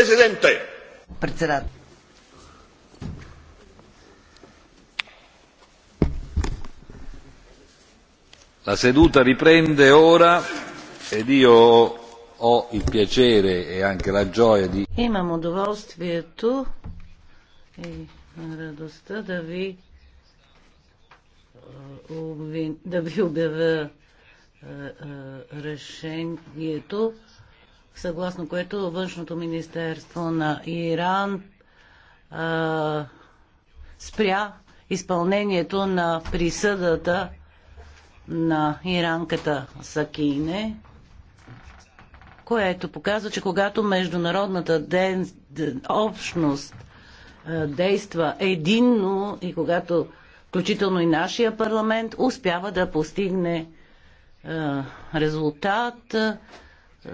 presidente. Председател. La seduta riprende ora ed io ho il piacere e anche la gioia di... Имам удоволствието и радостта да ви е, да ви обявя е, е, решението съгласно което Външното министерство на Иран а, спря изпълнението на присъдата на иранката Сакине, което показва, че когато международната ден, общност а, действа единно и когато включително и нашия парламент успява да постигне а, резултат, е,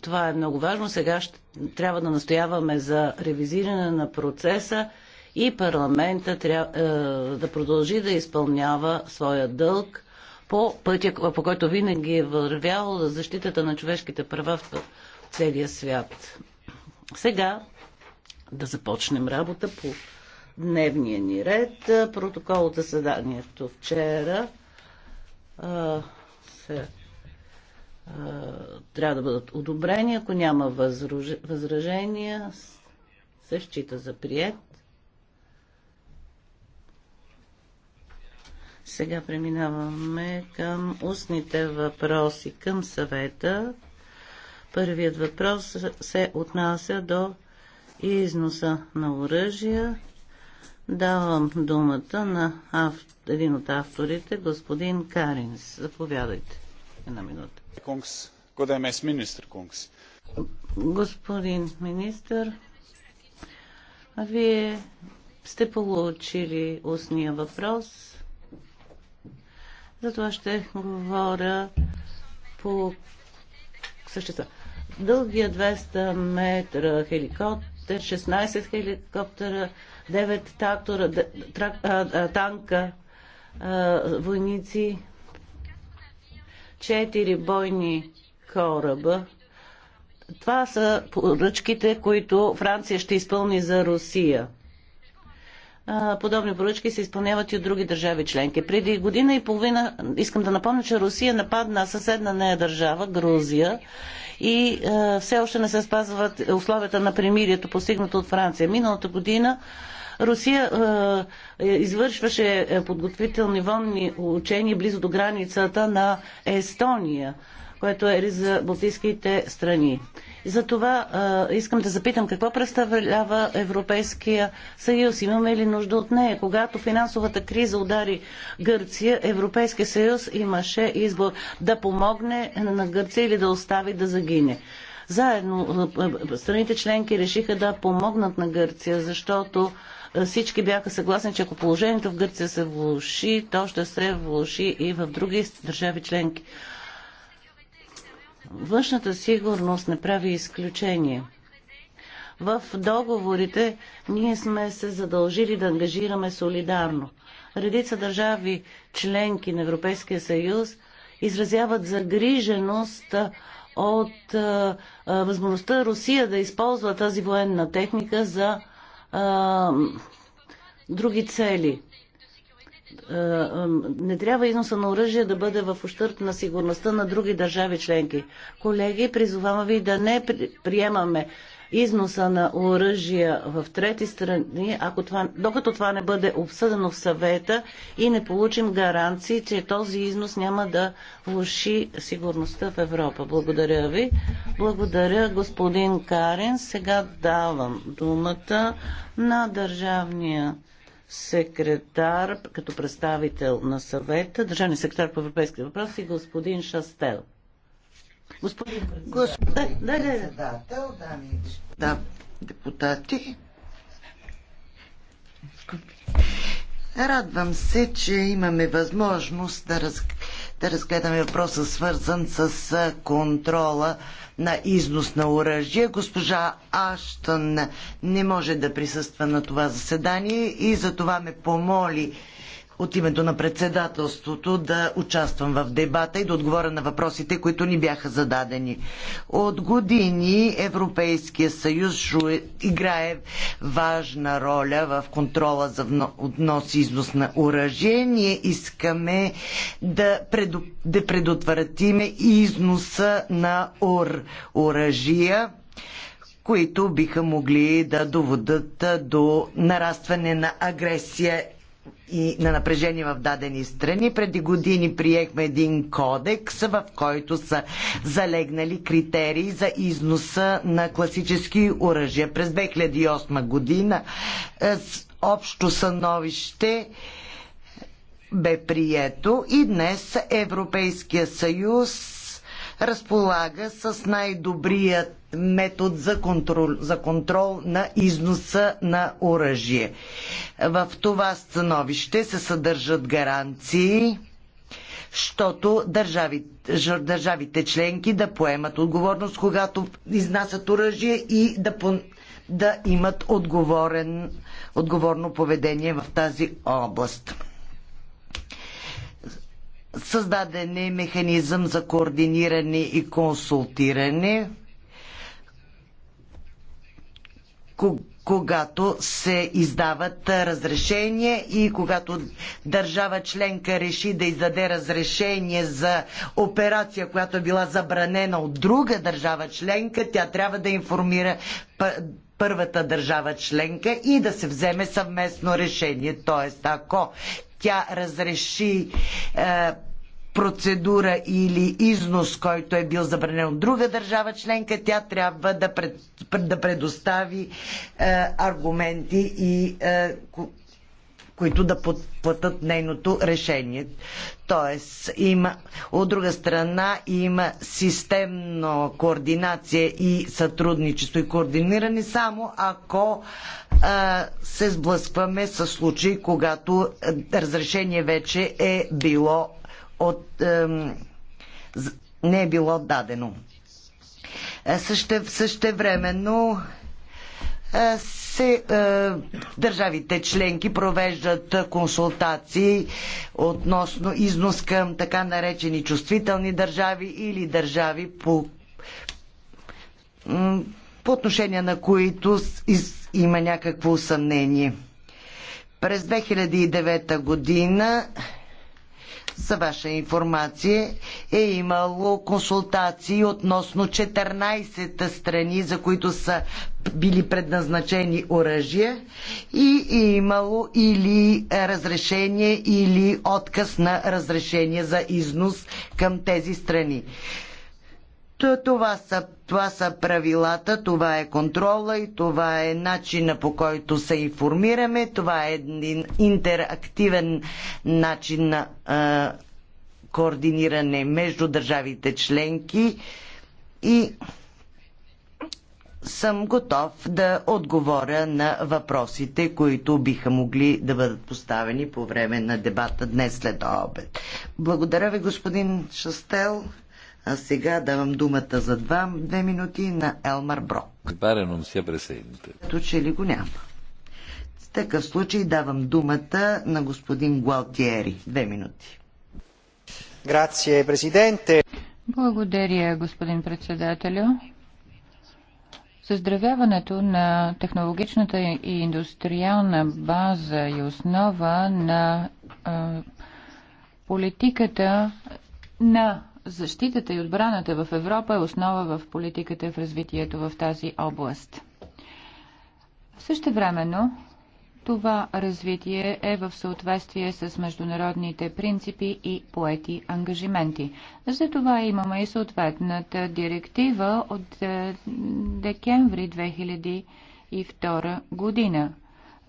това е много важно. Сега ще, трябва да настояваме за ревизиране на процеса и парламента трябва, е, да продължи да изпълнява своя дълг по пътя, по който винаги е вървял за защитата на човешките права в целия свят. Сега да започнем работа по дневния ни ред. Протокол от заседанието вчера е, трябва да бъдат одобрени. Ако няма възражения, се счита за прият. Сега преминаваме към устните въпроси към съвета. Първият въпрос се отнася до износа на оръжия. Давам думата на един от авторите, господин Каринс. Заповядайте. Една е Господин министр, вие сте получили устния въпрос. Затова ще говоря по същество. Дългия 200 метра хеликоптер, 16 хеликоптера, 9 тактора, трак, а, а, танка, а, войници четири бойни кораба. Това са поръчките, които Франция ще изпълни за Русия. Подобни поръчки се изпълняват и от други държави членки. Преди година и половина, искам да напомня, че Русия нападна съседна нея държава, Грузия, и е, все още не се спазват условията на примирието, постигнато от Франция. Миналата година Русия е, извършваше е, подготвителни вонни учения близо до границата на Естония, което е за балтийските страни. това е, искам да запитам какво представлява Европейския съюз. Имаме ли нужда от нея? Когато финансовата криза удари Гърция, Европейския съюз имаше избор да помогне на Гърция или да остави да загине. Заедно страните членки решиха да помогнат на Гърция, защото всички бяха съгласни, че ако положението в Гърция се влуши, то ще се влуши и в други държави членки. Външната сигурност не прави изключение. В договорите ние сме се задължили да ангажираме солидарно. Редица държави, членки на Европейския съюз, изразяват загриженост от възможността Русия да използва тази военна техника за а, други цели. Не трябва износа на оръжие да бъде в ущърп на сигурността на други държави членки. Колеги, призовавам ви да не приемаме износа на оръжия в трети страни, ако това, докато това не бъде обсъдено в съвета и не получим гаранции, че този износ няма да влуши сигурността в Европа. Благодаря ви. Благодаря, господин Карен. Сега давам думата на държавния секретар, като представител на съвета, държавния секретар по европейски въпроси, господин Шастел. Господин председател, председател дами и господа депутати, радвам се, че имаме възможност да, раз, да разгледаме въпроса свързан с контрола на износ на оръжие. Госпожа Аштън не може да присъства на това заседание и за това ме помоли от името на председателството да участвам в дебата и да отговоря на въпросите, които ни бяха зададени. От години Европейския съюз играе важна роля в контрола за внос и износ на оръжие. Ние искаме да, преду... да предотвратиме износа на ор... оръжия които биха могли да доведат до нарастване на агресия и на напрежение в дадени страни. Преди години приехме един кодекс, в който са залегнали критерии за износа на класически оръжия. През 2008 година е, общо съновище бе прието и днес Европейския съюз разполага с най-добрият метод за контрол, за контрол на износа на оръжие. В това становище се съдържат гаранции защото държавите, държавите, членки да поемат отговорност, когато изнасят оръжие и да, да имат отговорен, отговорно поведение в тази област. Създаден е механизъм за координиране и консултиране, когато се издават разрешения и когато държава членка реши да издаде разрешение за операция, която е била забранена от друга държава членка, тя трябва да информира първата държава членка и да се вземе съвместно решение. Тоест, ако тя разреши е, процедура или износ, който е бил забранен от друга държава членка, тя трябва да, пред, да предостави е, аргументи и е, които да подплатат нейното решение. Тоест, има, от друга страна има системно координация и сътрудничество и координиране само ако а, се сблъскваме с случаи, когато разрешение вече е било от, а, не е било дадено. Е, съще, времено а, е, се, е, държавите членки провеждат консултации относно износ към така наречени чувствителни държави или държави по, по отношение на които има някакво съмнение. През 2009 година за ваша информация е имало консултации относно 14-та страни, за които са били предназначени оръжия и е имало или разрешение, или отказ на разрешение за износ към тези страни. Е, това са, това са правилата, това е контрола и това е начина по който се информираме. Това е един интерактивен начин на а, е, координиране между държавите членки и съм готов да отговоря на въпросите, които биха могли да бъдат поставени по време на дебата днес след обед. Благодаря ви, господин Шастел. А сега давам думата за два, две минути на Елмар Брок. Паре, но ся пресенте. Като че ли го няма. В такъв случай давам думата на господин Гуалтиери. Две минути. Грация, президенте. Благодаря, господин председателю. Създравяването на технологичната и индустриална база и основа на е, политиката на защитата и отбраната в Европа е основа в политиката в развитието в тази област. Същевременно, това развитие е в съответствие с международните принципи и поети ангажименти. Затова имаме и съответната директива от е, декември 2002 година,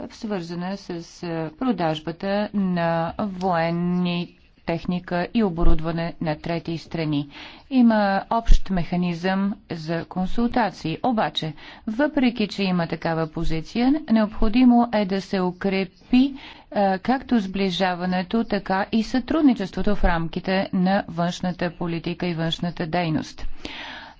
свързана с е, продажбата на военни техника и оборудване на трети страни. Има общ механизъм за консултации. Обаче, въпреки, че има такава позиция, необходимо е да се укрепи е, както сближаването, така и сътрудничеството в рамките на външната политика и външната дейност.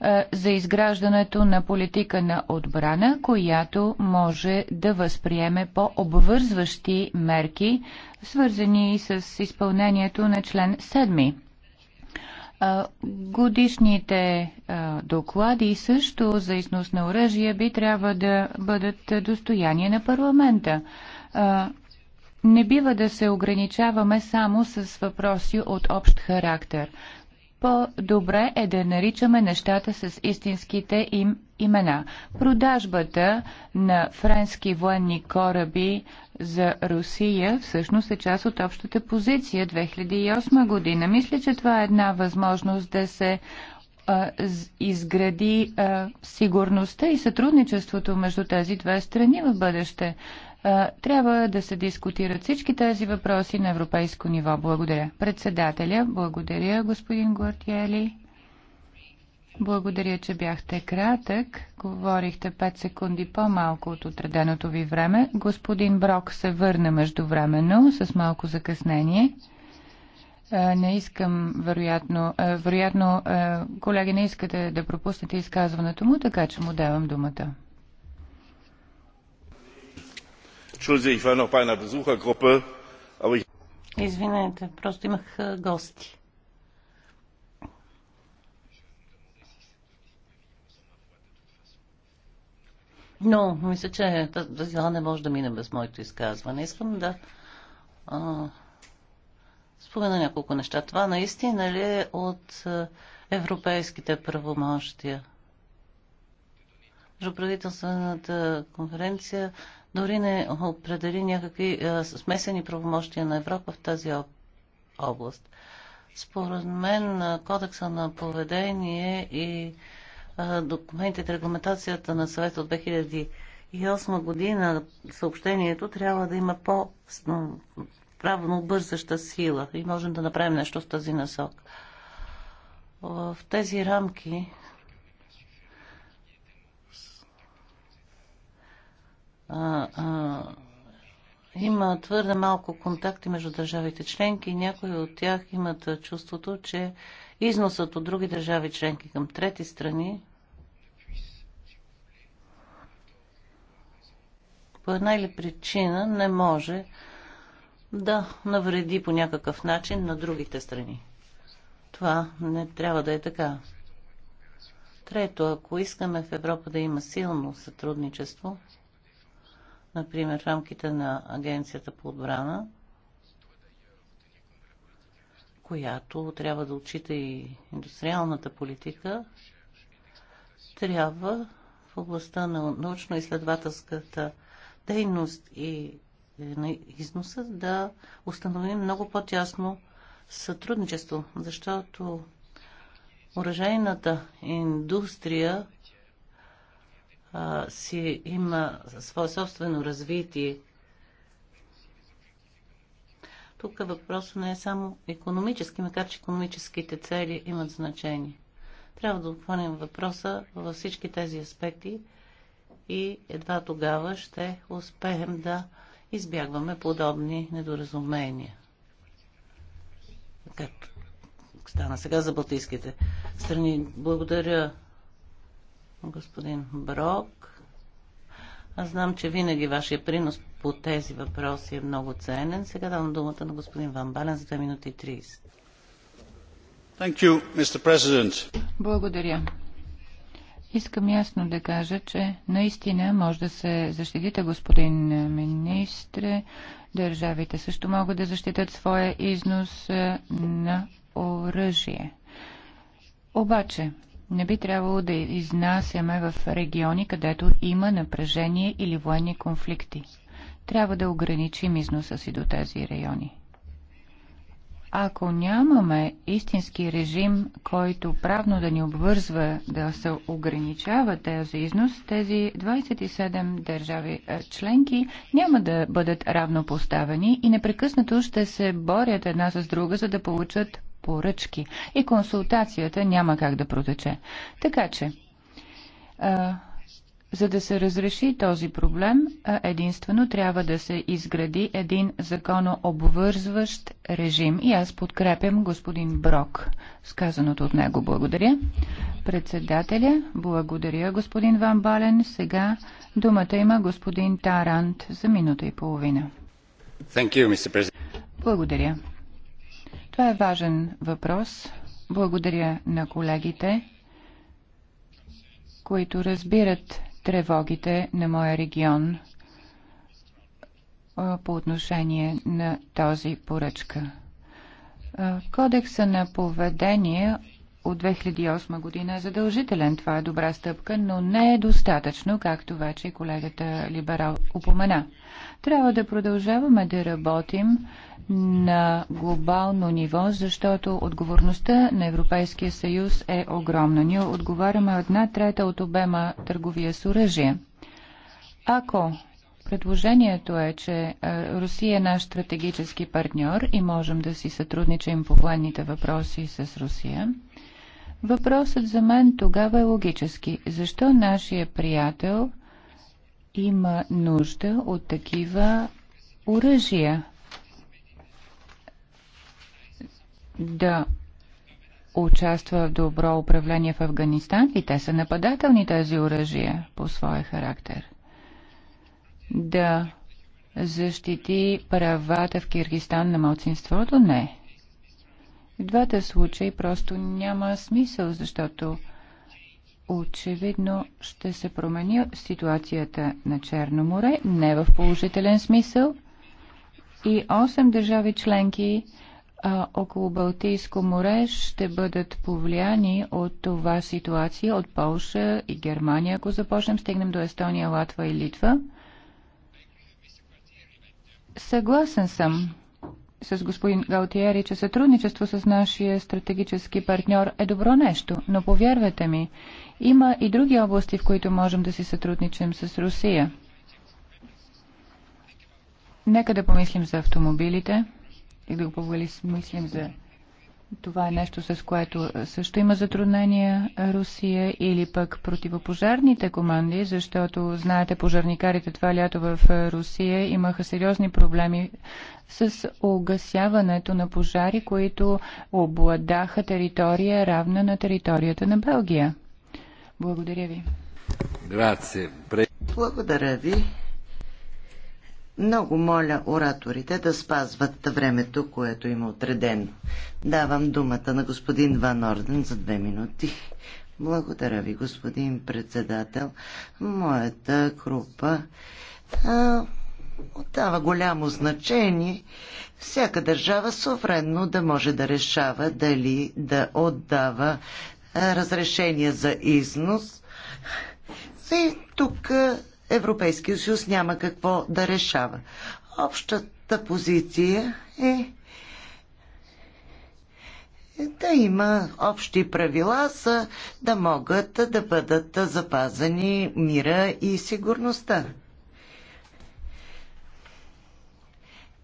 Е, за изграждането на политика на отбрана, която може да възприеме по-обвързващи мерки, свързани с изпълнението на член 7. Е, годишните е, доклади също за износ на оръжие би трябва да бъдат достояние на парламента. Не бива да се ограничаваме само с въпроси от общ характер по-добре е да наричаме нещата с истинските им имена. Продажбата на френски военни кораби за Русия всъщност е част от общата позиция 2008 година. Мисля, че това е една възможност да се а, изгради а, сигурността и сътрудничеството между тези две страни в бъдеще. Трябва да се дискутират всички тези въпроси на европейско ниво. Благодаря. Председателя, благодаря господин Гуартиели. Благодаря, че бяхте кратък. Говорихте 5 секунди по-малко от отреденото ви време. Господин Брок се върна междувременно с малко закъснение. Не искам, вероятно, вероятно, колеги, не искате да пропуснете изказването му, така че му давам думата. Entschuldige, ich war noch bei einer Besuchergruppe, aber ich... Извинете, просто имах гости. Но, мисля, че тази не може да мине без моето изказване. Искам да а, спомена няколко неща. Това наистина ли е от европейските правомощия? Между правителствената конференция дори не определи някакви е, смесени правомощия на Европа в тази област. Според мен е, кодекса на поведение и е, документите, регламентацията на съвет от 2008 година, съобщението трябва да има по-правно бързаща сила и можем да направим нещо в тази насок. В тези рамки има твърде малко контакти между държавите членки. и Някои от тях имат чувството, че износът от други държави членки към трети страни по една или причина не може да навреди по някакъв начин на другите страни. Това не трябва да е така. Трето, ако искаме в Европа да има силно сътрудничество, например в рамките на Агенцията по отбрана, която трябва да отчита и индустриалната политика, трябва в областта на научно-изследователската дейност и е, на износа да установим много по-тясно сътрудничество, защото оръжейната индустрия а, си има свое собствено развитие. Тук въпросът не е само економически, макар че економическите цели имат значение. Трябва да обхванем въпроса във всички тези аспекти и едва тогава ще успеем да избягваме подобни недоразумения. Както стана сега за балтийските страни. Благодаря господин Брок. Аз знам, че винаги вашия принос по тези въпроси е много ценен. Сега давам думата на господин Ван Бален за 2 минути и 30. You, Благодаря. Искам ясно да кажа, че наистина може да се защитите, господин министре. Държавите също могат да защитят своя износ е, на оръжие. Обаче, не би трябвало да изнасяме в региони, където има напрежение или военни конфликти. Трябва да ограничим износа си до тези райони. Ако нямаме истински режим, който правно да ни обвързва да се ограничава този износ, тези 27 държави е, членки няма да бъдат равнопоставени и непрекъснато ще се борят една с друга, за да получат поръчки и консултацията няма как да протече. Така че, а, за да се разреши този проблем, единствено трябва да се изгради един законообвързващ режим. И аз подкрепям господин Брок. Сказаното от него благодаря. Председателя, благодаря господин Ван Бален. Сега думата има господин Тарант за минута и половина. Thank you, Mr. President. Благодаря. Това е важен въпрос. Благодаря на колегите, които разбират тревогите на моя регион по отношение на този поръчка. Кодекса на поведение от 2008 година е задължителен. Това е добра стъпка, но не е достатъчно, както вече колегата Либерал упомена. Трябва да продължаваме да работим на глобално ниво, защото отговорността на Европейския съюз е огромна. Ние отговаряме една трета от обема търговия с оръжие. Ако предложението е, че е, Русия е наш стратегически партньор и можем да си сътрудничим по военните въпроси с Русия, въпросът за мен тогава е логически. Защо нашия приятел има нужда от такива оръжия? да участва в добро управление в Афганистан и те са нападателни тези оръжия по своя характер. Да защити правата в Киргистан на малцинството? Не. В двата случаи просто няма смисъл, защото очевидно ще се промени ситуацията на Черно море, не в положителен смисъл. И 8 държави членки а, около Балтийско море ще бъдат повлияни от това ситуация от Полша и Германия, ако започнем, стигнем до Естония, Латва и Литва. Съгласен съм с господин Галтиери, че сътрудничество с нашия стратегически партньор е добро нещо, но повярвайте ми, има и други области, в които можем да си сътрудничим с Русия. Нека да помислим за автомобилите и да го мислим за това е нещо, с което също има затруднения Русия или пък противопожарните команди, защото, знаете, пожарникарите това лято в Русия имаха сериозни проблеми с огасяването на пожари, които обладаха територия равна на територията на Белгия. Благодаря ви. Благодаря ви. Много моля ораторите да спазват времето, което им е отредено. Давам думата на господин Ван Орден за две минути. Благодаря ви, господин председател. Моята група а, отдава голямо значение всяка държава суверенно да може да решава дали да отдава а, разрешение за износ. И тук Европейския съюз няма какво да решава. Общата позиция е, е да има общи правила, за да могат да бъдат запазени мира и сигурността.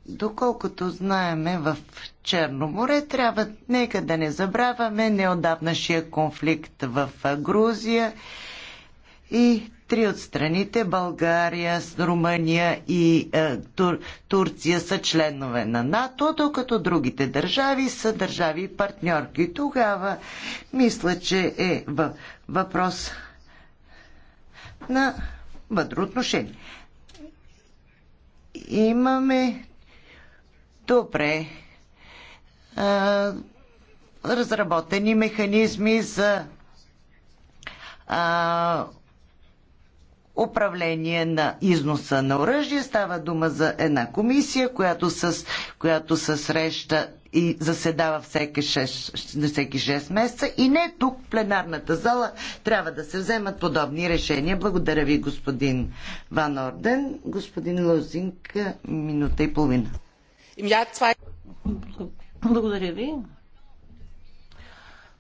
Доколкото знаеме в Черно море, трябва, нека да не забравяме неодавнашия конфликт в Грузия и Три от страните България, Румъния и е, Тур, Турция са членове на НАТО, докато другите държави са държави партньорки. Тогава мисля, че е въпрос на мъдро отношение. Имаме добре а, е, разработени механизми за а, е, управление на износа на оръжие. Става дума за една комисия, която, с, която се среща и заседава всеки 6, на всеки 6 месеца. И не тук, в пленарната зала, трябва да се вземат подобни решения. Благодаря ви, господин Ван Орден. Господин Лозинг, минута и половина. Благодаря ви.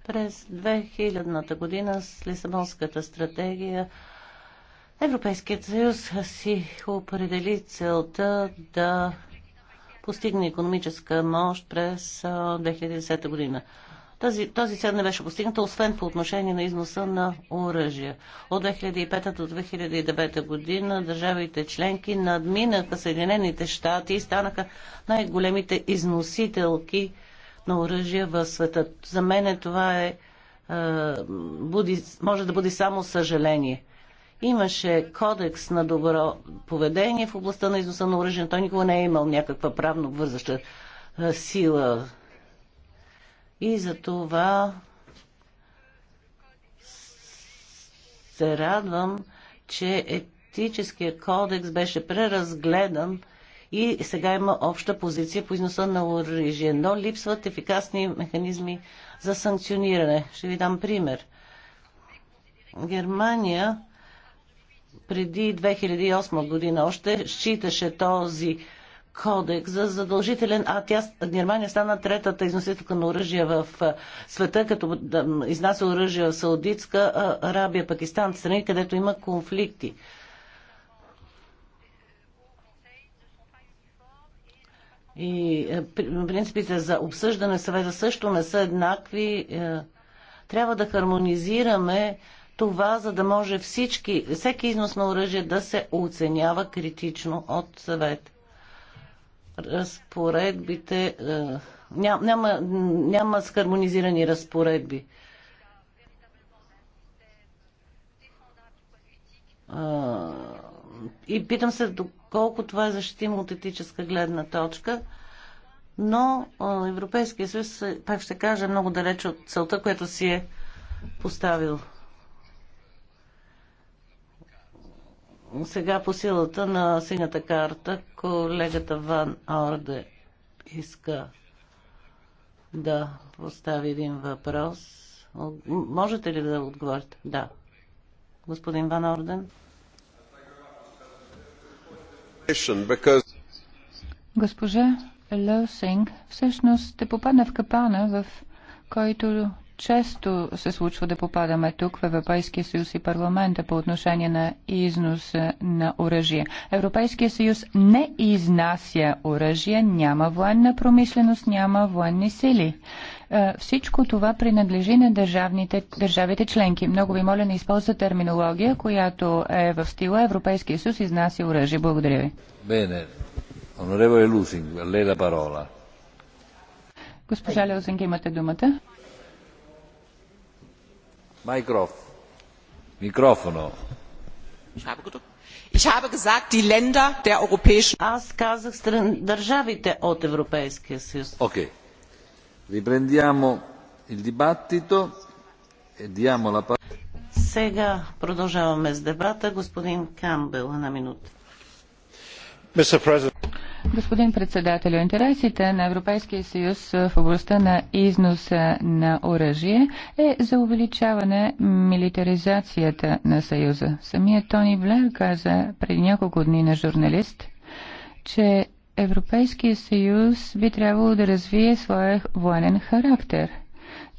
През 2000-та година с Лисабонската стратегия Европейският съюз си определи целта да постигне економическа мощ през 2010 година. Тази, този цел не беше постигната, освен по отношение на износа на оръжия. От 2005 до 2009 година държавите членки надминаха Съединените щати и станаха най-големите износителки на оръжия в света. За мен това е, е буди, може да бъде само съжаление. Имаше кодекс на добро поведение в областта на износа на оръжие. Той никога не е имал някаква правно вързаща сила. И за това се радвам, че етическия кодекс беше преразгледан и сега има обща позиция по износа на оръжие, но липсват ефикасни механизми за санкциониране. Ще ви дам пример. Германия преди 2008 година още считаше този кодекс за задължителен, а тя, Германия стана третата износителка на оръжие в света, като изнася оръжие в Саудитска Арабия, Пакистан, страни, където има конфликти. И е, принципите за обсъждане съвета също не са еднакви. Е, трябва да хармонизираме това, за да може всички, всеки износ на оръжие да се оценява критично от съвет. Разпоредбите. Е, Ням, няма, няма схармонизирани разпоредби. Е, и питам се доколко това е защитимо от етическа гледна точка но е, Европейския съюз, пак ще кажа, много далеч от целта, която си е поставил. Сега по силата на синята карта колегата Ван Орде иска да постави един въпрос. Можете ли да отговорите? Да. Господин Ван Орден. Госпожа Лосинг всъщност те попадна в капана, в който често се случва да попадаме тук в Европейския съюз и парламента по отношение на износ на оръжие. Европейския съюз не изнася оръжие, няма военна промишленост, няма военни сили. Е, всичко това принадлежи на държавните, държавите членки. Много ви моля не използва терминология, която е в стила Европейския съюз изнася оръжие. Благодаря ви. Бене. Госпожа Леозинг, имате думата. Аз казах държавите от Европейския съюз. Окей. Riprendiamo il dibattito e diamo la parola. Сега продължаваме с дебата. Господин Камбел, една минута. Господин председател, интересите на Европейския съюз в областта на износа на оръжие е за увеличаване милитаризацията на съюза. Самият Тони Блер каза преди няколко дни на журналист, че Европейския съюз би трябвало да развие своя военен характер –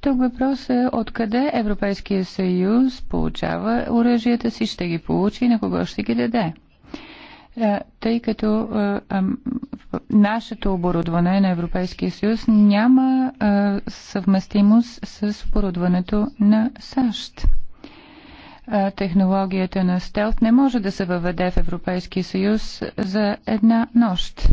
тук въпрос е откъде Европейския съюз получава оръжията си, ще ги получи и на кого ще ги даде. Е, тъй като е, нашето оборудване на Европейския съюз няма е, съвместимост с оборудването на САЩ технологията на стелт не може да се въведе в Европейския съюз за една нощ.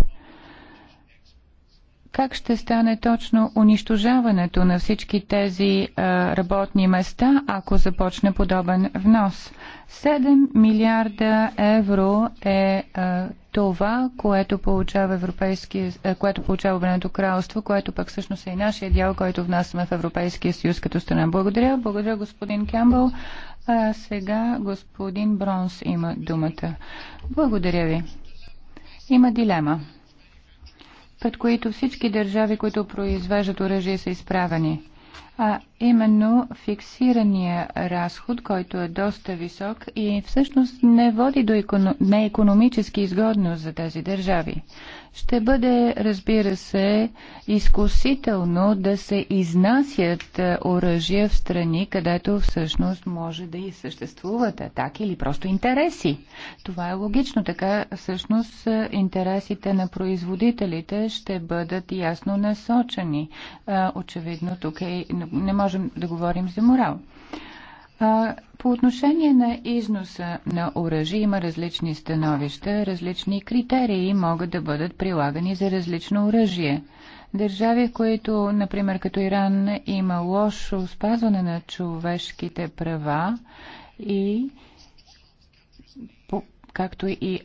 Как ще стане точно унищожаването на всички тези а, е, работни места, ако започне подобен внос? 7 милиарда евро е а, е, това, което получава, европейски, а, е, което получава Обединеното кралство, което пък всъщност е и нашия дял, който внасяме в Европейския съюз като страна. Благодаря. Благодаря, господин Кембъл. А, сега господин Бронс има думата. Благодаря ви. Има дилема пред които всички държави, които произвеждат оръжие, са изправени а именно фиксирания разход, който е доста висок и всъщност не води до економ... Е економически изгодно за тези държави. Ще бъде, разбира се, изкусително да се изнасят оръжия в страни, където всъщност може да и съществуват атаки или просто интереси. Това е логично. Така всъщност интересите на производителите ще бъдат ясно насочени. Очевидно тук е не можем да говорим за морал. По отношение на износа на оръжие има различни становища, различни критерии могат да бъдат прилагани за различно оръжие. Държави, в които, например, като Иран, има лошо спазване на човешките права и както и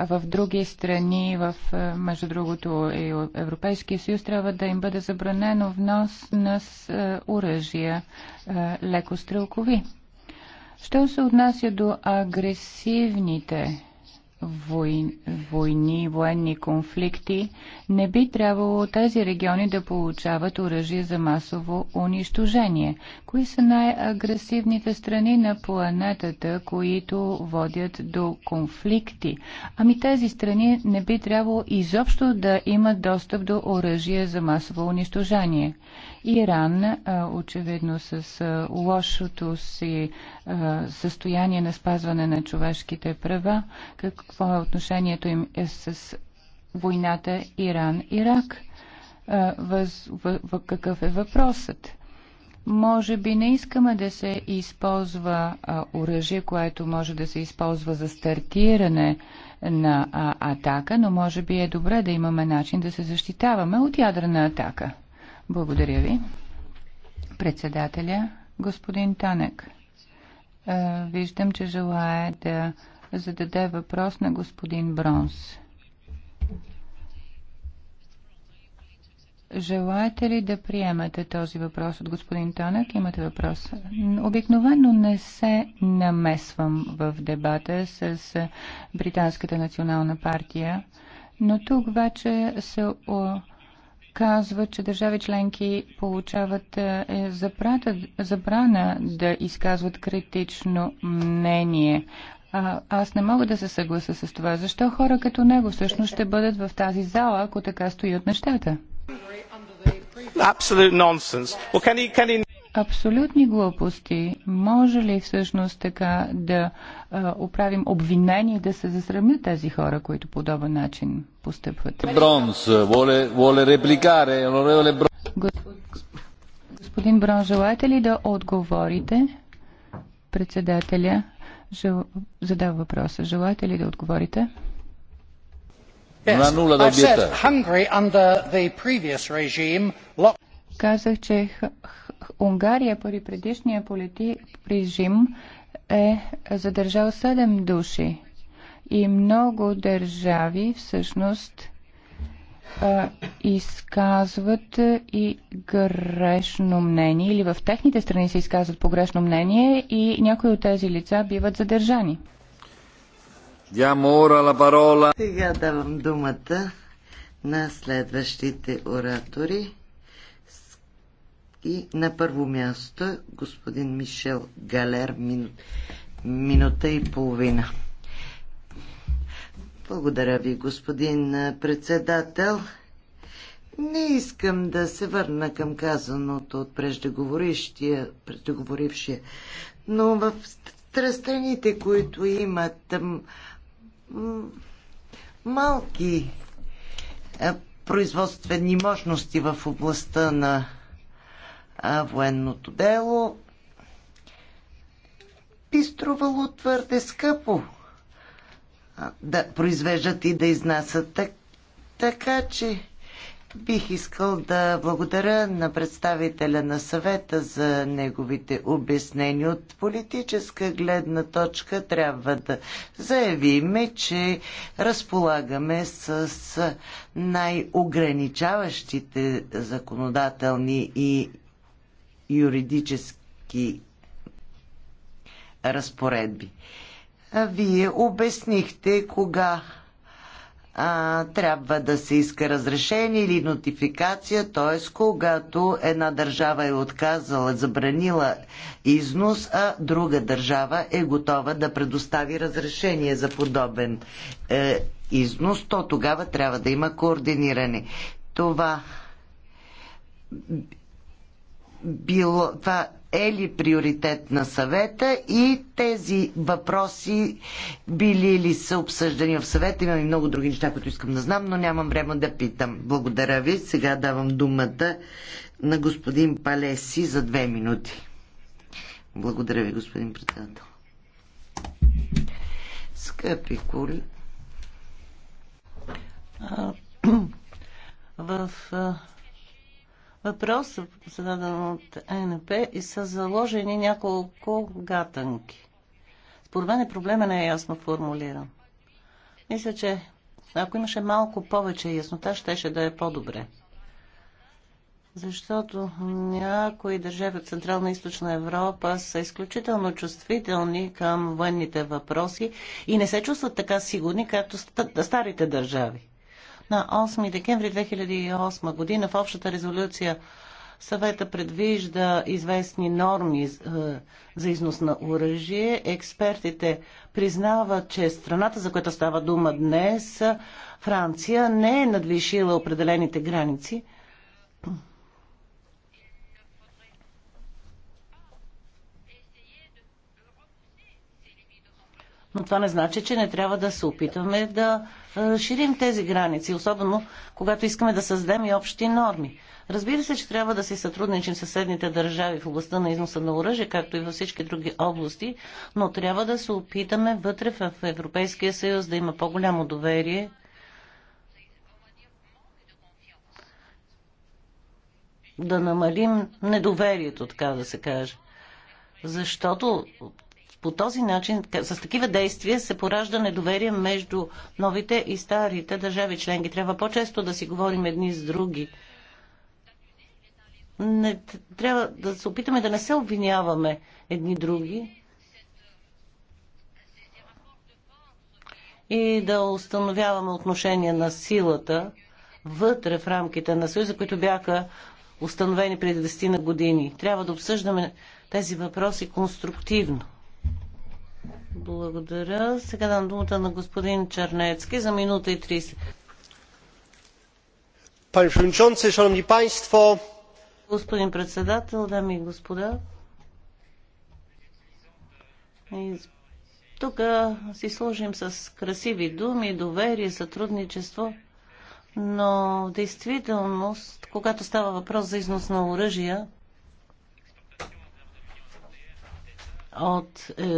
в други страни, в, между другото и Европейския съюз, трябва да им бъде забранено внос на е, оръжия е, леко стрелкови. Що се отнася до агресивните войни, войни, военни конфликти, не би трябвало тези региони да получават оръжие за масово унищожение. Кои са най-агресивните страни на планетата, които водят до конфликти? Ами тези страни не би трябвало изобщо да имат достъп до оръжие за масово унищожение. Иран, очевидно с лошото си състояние на спазване на човешките права, какво е отношението им е с войната Иран-Ирак? Какъв е въпросът? може би не искаме да се използва оръжие, което може да се използва за стартиране на а, атака, но може би е добре да имаме начин да се защитаваме от ядрена атака. Благодаря ви. Председателя, господин Танек. Виждам, че желая да зададе въпрос на господин Бронс. Желаете ли да приемете този въпрос от господин Танък? Имате въпрос. Обикновено не се намесвам в дебата с Британската национална партия, но тук вече се казва, че държави членки получават е, запрата, забрана да изказват критично мнение. А, аз не мога да се съгласа с това. Защо хора като него всъщност ще бъдат в тази зала, ако така стоят нещата? Абсолютно нонсенс. Well, can he, can he абсолютни глупости. Може ли всъщност така да а, оправим обвинение да се засрамят тези хора, които по подобен начин постъпват? Бронс, воле, воле репликаре, воле Господин Брон, желаете ли да отговорите? Председателя жел... задава въпроса. Желаете ли да отговорите? Yes. Казах, че Унгария при предишния полити режим е задържал 7 души и много държави всъщност изказват и грешно мнение или в техните страни се изказват погрешно мнение и някои от тези лица биват задържани. Сега давам думата на следващите оратори. И на първо място господин Мишел Галер, мин, минута и половина. Благодаря ви, господин председател. Не искам да се върна към казаното от преждеговорившия, но в страните, които имат малки е, производствени мощности в областта на а военното дело би струвало твърде скъпо да произвеждат и да изнасят. Так, така че бих искал да благодаря на представителя на съвета за неговите обяснения. От политическа гледна точка трябва да заявиме, че разполагаме с най-ограничаващите законодателни и юридически разпоредби. Вие обяснихте кога а, трябва да се иска разрешение или нотификация, т.е. когато една държава е отказала, забранила износ, а друга държава е готова да предостави разрешение за подобен е, износ, то тогава трябва да има координиране. Това било, това е ли приоритет на съвета и тези въпроси били ли са обсъждани в съвета. Имам и много други неща, които искам да знам, но нямам време да питам. Благодаря ви. Сега давам думата на господин Палеси за две минути. Благодаря ви, господин председател. Скъпи коли. В Въпрос, зададен от НП и са заложени няколко гатанки. Според мен проблема не е ясно формулиран. Мисля, че ако имаше малко повече яснота, щеше да е по-добре. Защото някои държави от Централна и Източна Европа са изключително чувствителни към военните въпроси и не се чувстват така сигурни, както старите държави. На 8 декември 2008 година в общата резолюция съвета предвижда известни норми е, за износ на оръжие. Експертите признават, че страната, за която става дума днес, Франция, не е надвишила определените граници. но това не значи, че не трябва да се опитваме да е, ширим тези граници, особено когато искаме да създадем и общи норми. Разбира се, че трябва да си сътрудничим с съседните държави в областта на износа на оръжие, както и във всички други области, но трябва да се опитаме вътре в Европейския съюз да има по-голямо доверие. Да намалим недоверието, така да се каже. Защото по този начин, с такива действия се поражда недоверие между новите и старите държави членки. Трябва по-често да си говорим едни с други. Не, трябва да се опитаме да не се обвиняваме едни други и да установяваме отношения на силата вътре в рамките на Съюза, които бяха установени преди 10 на години. Трябва да обсъждаме тези въпроси конструктивно. Благодаря. Сега дам думата на господин Чернецки за минута и 30. Panie Господин председател, дами и господа. Тук си служим с красиви думи, доверие, сътрудничество, но в действителност, когато става въпрос за износ на оръжия от е,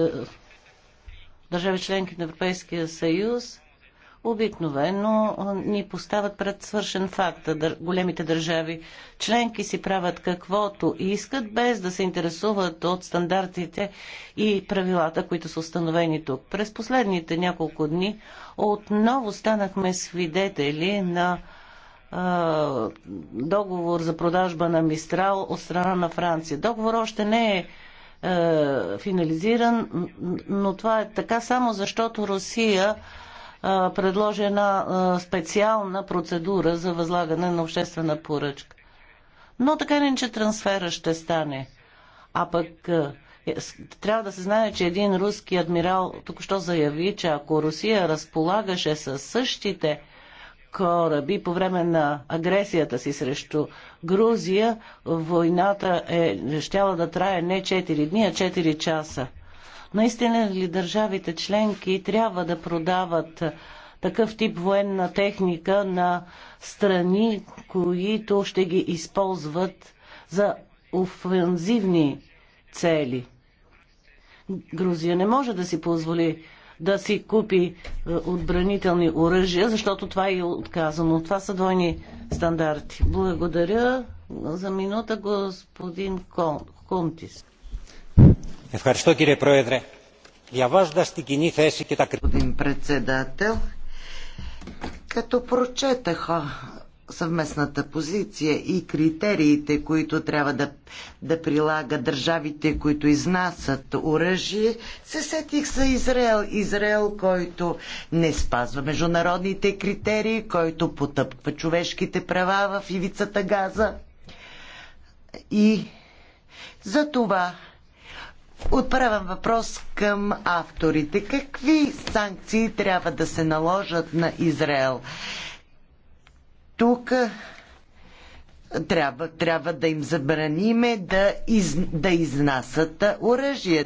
държави членки на Европейския съюз обикновено ни поставят пред свършен факт. Големите държави членки си правят каквото искат, без да се интересуват от стандартите и правилата, които са установени тук. През последните няколко дни отново станахме свидетели на договор за продажба на Мистрал от страна на Франция. Договор още не е е, финализиран, но това е така само защото Русия е, предложи една е, специална процедура за възлагане на обществена поръчка. Но така не, че трансфера ще стане. А пък е, е трябва да се знае, че един руски адмирал току-що заяви, че ако Русия разполагаше със същите кораби по време на агресията си срещу Грузия, войната е щяла да трае не 4 дни, а 4 часа. Наистина ли държавите членки трябва да продават такъв тип военна техника на страни, които ще ги използват за офензивни цели? Грузия не може да си позволи да си купи е, отбранителни оръжия, защото това е отказано. Това са двойни стандарти. Благодаря за минута господин Кунтис. Ευχαριστώ κύριε Πρόεδρε. Διαβάζοντας την κοινή θέση και τα κριτήρια. Председател, като прочетаха съвместната позиция и критериите, които трябва да, да прилагат държавите, които изнасят оръжие, се сетих за Израел. Израел, който не спазва международните критерии, който потъпква човешките права в ивицата Газа. И за това Отправям въпрос към авторите. Какви санкции трябва да се наложат на Израел? тук трябва, трябва да им забраниме да, из, да изнасят оръжие.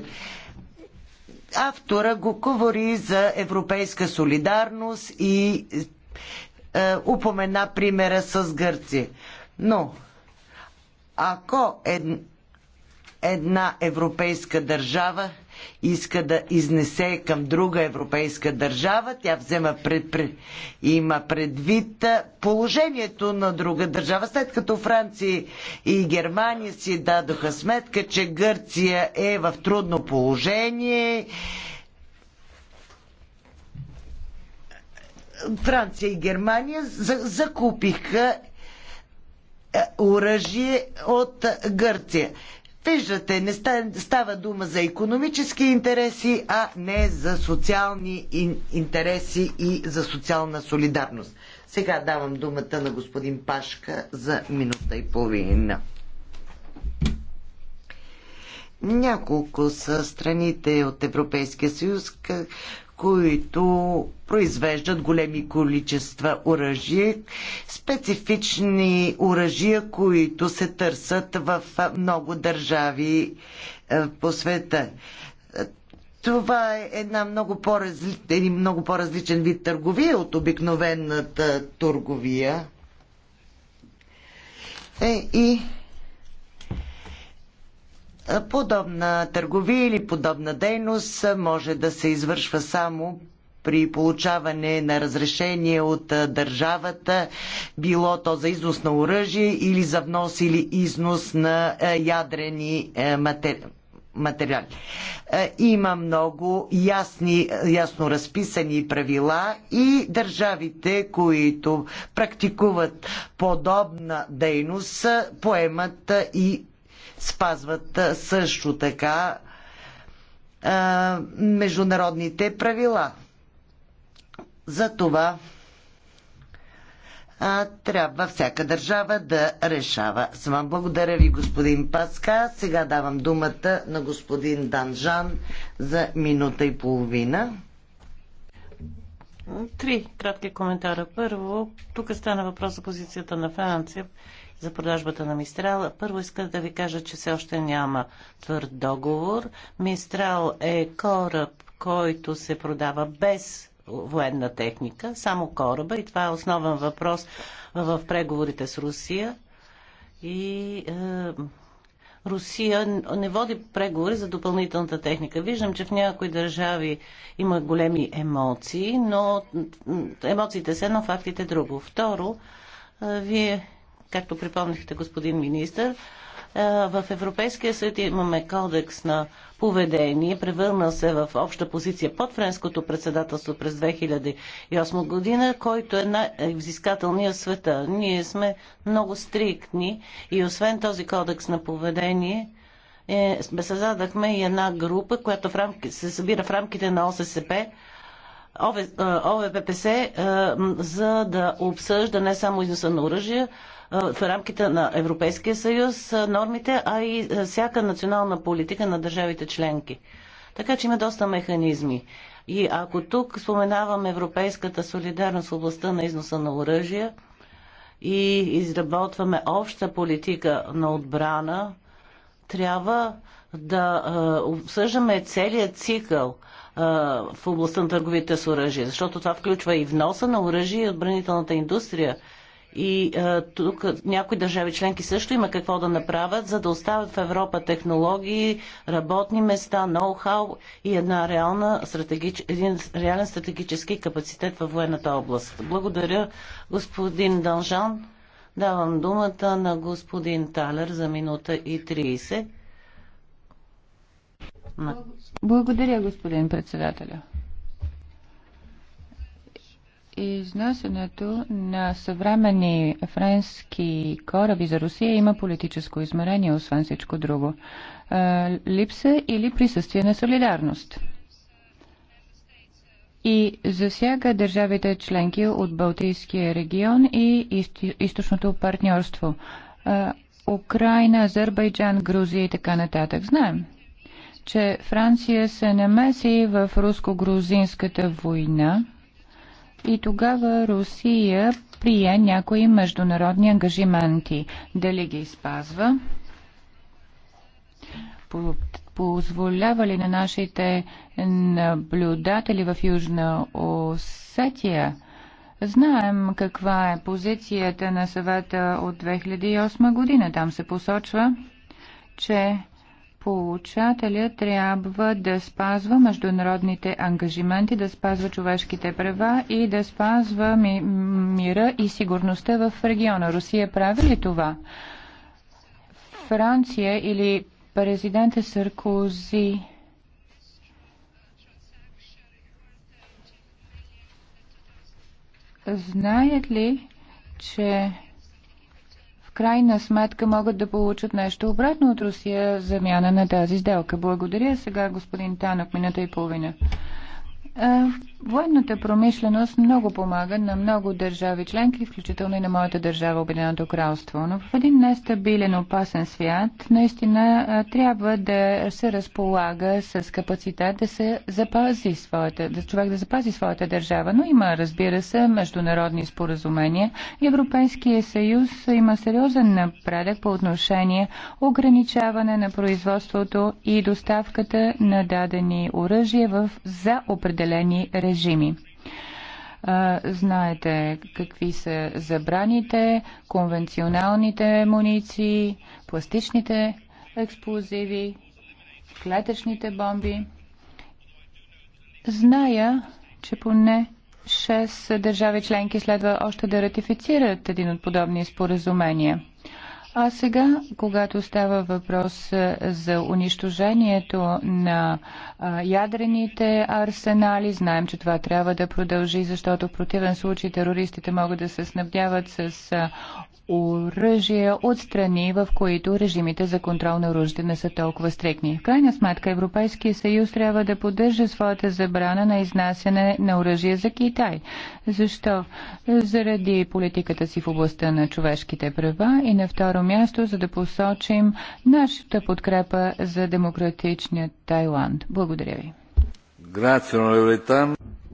Автора го говори за европейска солидарност и е, упомена примера с Гърция. Но ако ед, една европейска държава иска да изнесе към друга европейска държава, тя взема пред, пред, има предвид положението на друга държава. След като Франция и Германия си дадоха сметка, че Гърция е в трудно положение, Франция и Германия закупиха е, оръжие от Гърция. Виждате, не става дума за економически интереси, а не за социални интереси и за социална солидарност. Сега давам думата на господин Пашка за минута и половина. Няколко са страните от Европейския съюз, които произвеждат големи количества оръжие, специфични оръжия, които се търсят в много държави е, по света. Е, това е една много по-разли... един много по-различен вид търговия от обикновената търговия. Е, и Подобна търговия или подобна дейност може да се извършва само при получаване на разрешение от държавата, било то за износ на оръжие или за внос или износ на ядрени материали Има много ясни, ясно разписани правила и държавите, които практикуват подобна дейност, поемат и спазват също така а, международните правила. За това а, трябва всяка държава да решава сама. Благодаря ви, господин Паска. Сега давам думата на господин Данжан за минута и половина. Три кратки коментара. Първо, тук стана въпрос за позицията на Франция за продажбата на Мистрал. Първо исках да ви кажа, че все още няма твърд договор. Мистрал е кораб, който се продава без военна техника, само кораба и това е основен въпрос в преговорите с Русия. И е, Русия не води преговори за допълнителната техника. Виждам, че в някои държави има големи емоции, но емоциите са едно, фактите друго. Второ, е, вие както припомнихте, господин министр, в Европейския съд имаме кодекс на поведение, превърна се в обща позиция под френското председателство през 2008 година, който е най-взискателния света. Ние сме много стриктни и освен този кодекс на поведение, е, създадахме и една група, която в рамки, се събира в рамките на ОССП, ОВППС, за да обсъжда не само износа на оръжие в рамките на Европейския съюз нормите, а и всяка национална политика на държавите членки. Така че има доста механизми. И ако тук споменавам европейската солидарност в областта на износа на оръжия и изработваме обща политика на отбрана, трябва да обсъждаме целият цикъл – в областта на търговите с оръжие, защото това включва и вноса на оръжие и отбранителната индустрия. И а, тук някои държави членки също има какво да направят, за да оставят в Европа технологии, работни места, ноу-хау и една реална стратегич... един реален стратегически капацитет във военната област. Благодаря, господин Данжан. Давам думата на господин Талер за минута и 30. Благодаря, господин председателя. Изнасянето на съвременни френски кораби за Русия има политическо измерение, освен всичко друго. Липса или присъствие на солидарност и засяга държавите членки от Балтийския регион и източното партньорство. Украина, Азербайджан, Грузия и така нататък. Знаем, че Франция се намеси в руско-грузинската война и тогава Русия прие някои международни ангажименти. Дали ги спазва? Позволява ли на нашите наблюдатели в Южна Осетия? Знаем каква е позицията на съвета от 2008 година. Там се посочва, че получателя трябва да спазва международните ангажименти, да спазва човешките права и да спазва ми, мира и сигурността в региона. Русия прави ли това? Франция или президента Саркози знаят ли, че крайна сметка могат да получат нещо обратно от Русия замяна на тази сделка. Благодаря сега господин Танок, минута и половина. Е, военната промишленост много помага на много държави членки, включително и на моята държава, Обединеното кралство. Но в един нестабилен, опасен свят, наистина е, трябва да се разполага с капацитет да се запази своята, да човек да запази своята държава. Но има, разбира се, международни споразумения. Европейския съюз има сериозен напредък по отношение ограничаване на производството и доставката на дадени оръжия в за определен определени режими. Знаете какви са забраните, конвенционалните муниции, пластичните експлозиви, клетъчните бомби. Зная, че поне 6 държави членки следва още да ратифицират един от подобни споразумения – а сега, когато става въпрос е, за унищожението на ядрените арсенали, знаем, че това трябва да продължи, защото в противен случай терористите могат да се снабдяват с оръжия от страни, в които режимите за контрол на оръжите не са толкова стрикни. В крайна сметка Европейския съюз трябва да поддържа своята забрана на изнасяне на оръжие за Китай. Защо? Заради политиката си в областта на човешките права и на второ място, за да посочим нашата подкрепа за демократичния Тайланд. Благодаря ви.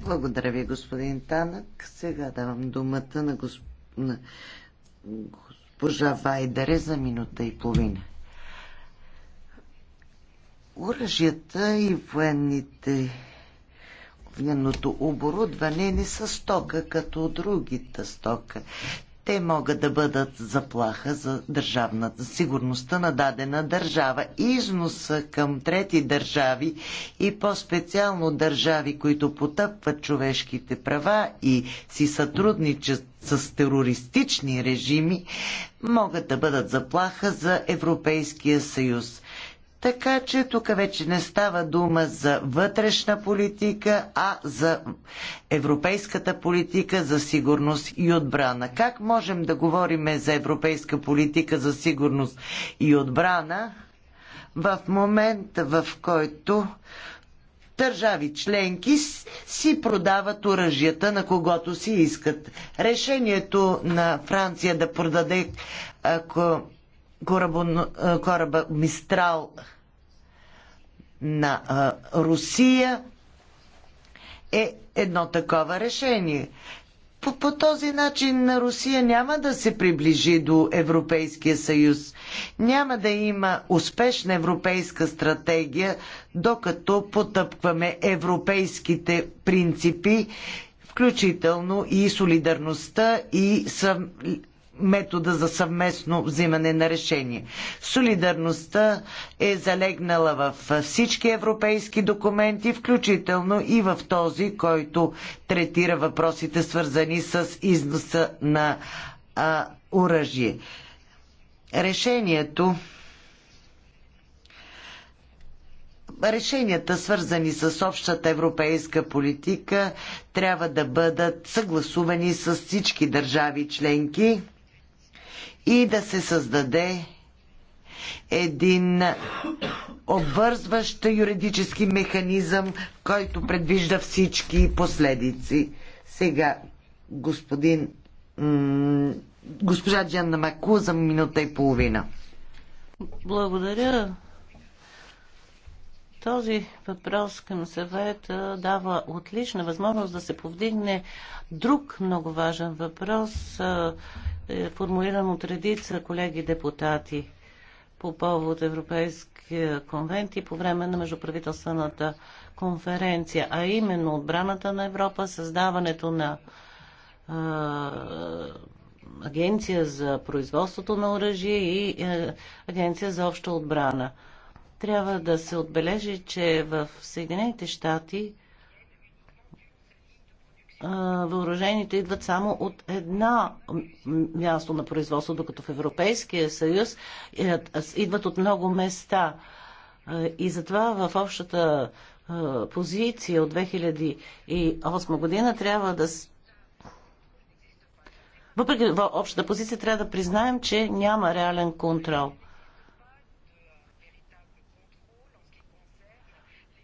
Благодаря ви, господин Танък. Сега давам думата на, господин госпожа Вайдере за минута и половина. Оръжията и военните военното оборудване не са стока като другите стока те могат да бъдат заплаха за държавната сигурността на дадена държава. Износа към трети държави и по-специално държави, които потъпват човешките права и си сътрудничат с терористични режими, могат да бъдат заплаха за Европейския съюз. Така че тук вече не става дума за вътрешна политика, а за европейската политика за сигурност и отбрана. Как можем да говорим за европейска политика за сигурност и отбрана в момента, в който държави членки си продават оръжията на когото си искат. Решението на Франция да продаде ако кораба, кораба Мистрал на Русия е едно такова решение. По, по този начин Русия няма да се приближи до Европейския съюз. Няма да има успешна европейска стратегия, докато потъпкваме европейските принципи, включително и солидарността и съм, метода за съвместно взимане на решение. Солидарността е залегнала в всички европейски документи, включително и в този, който третира въпросите свързани с износа на а, оръжие. Решението решенията, свързани с общата европейска политика, трябва да бъдат съгласувани с всички държави членки и да се създаде един обвързващ юридически механизъм, който предвижда всички последици. Сега, господин госпожа Джанна Маку за минута и половина. Благодаря. Този въпрос към съвета дава отлична възможност да се повдигне друг много важен въпрос е формулиран от редица колеги депутати по повод Европейския конвент и по време на междуправителствената конференция, а именно отбраната на Европа, създаването на е, агенция за производството на оръжие и е, агенция за обща отбрана. Трябва да се отбележи, че в Съединените щати въоръжените идват само от една място на производство, докато в Европейския съюз е, идват от много места. И затова в общата позиция от 2008 година трябва да. Въпреки общата позиция, трябва да признаем, че няма реален контрол.